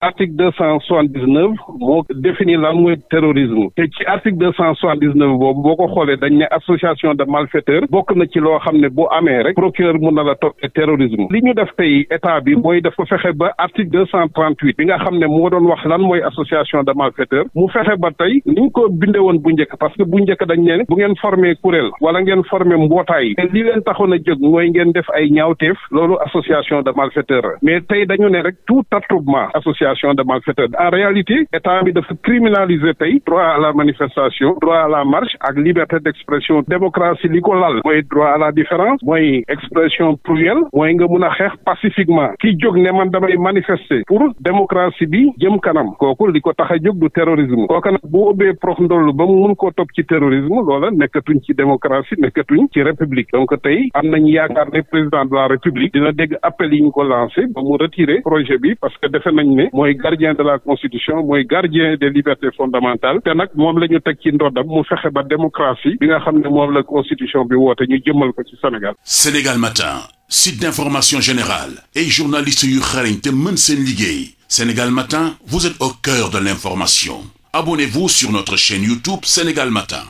article deux cent soixante dix neuf moo définir lan mooy terrorisme te ci article deux cent soixante dix neuf boobu boo ko xoolee dañ ne association de malfaiteurs bokk na ci loo xam ne boo amee rek procureur mun na la toppee terrorisme li ñu def tey état bi mooy dafa fexe ba article deux cent trente huit bi nga xam ne moo doon wax lan mooy association de malfaiteurs mu fexe ba tey ni ko bindee woon bu njëkk parce que bu njëkk dañ ne bu ngeen formé kuréel wala ngeen formé mbootaay te li leen taxoon ngeen def ay ñaawteef loolu association de malfaiteurs mais tey dañu ne rek tout attroupement association de malfaiteurs en réalité état bi dafa criminaliser tey droit à la manifestation droit à la marche ak liberté d'expression démocratie li ko lal mooy droit à la différence mooy expression plurielle mooy nga mun a xeex pacifiquement ki jóg ne man damay manifester pour démocratie bi jëm kanam kooku li ko tax a jóg du terrorisme kooku bu ubbee prox ndoll ba mu mun koo topp ci terrorisme loola nekkatuñ ci démocratie nekkatuñ ci république donc tey am nañ ñu ko lancé mooy gardien de la constitution mooy gardien des libertés fondamentales te nag moom la ñu teg ci ndoddam mu fexe ba démocratie bi nga xam ne moom la constitution bi woote ñu jëmmal ko ci Sénégal. Sénégal Matin site d'information générale ay journalistes yu xarañ te mën seen liggéey Sénégal Matin vous êtes au cœur de l'information abonnez-vous sur notre chaîne YouTube Sénégal Matin.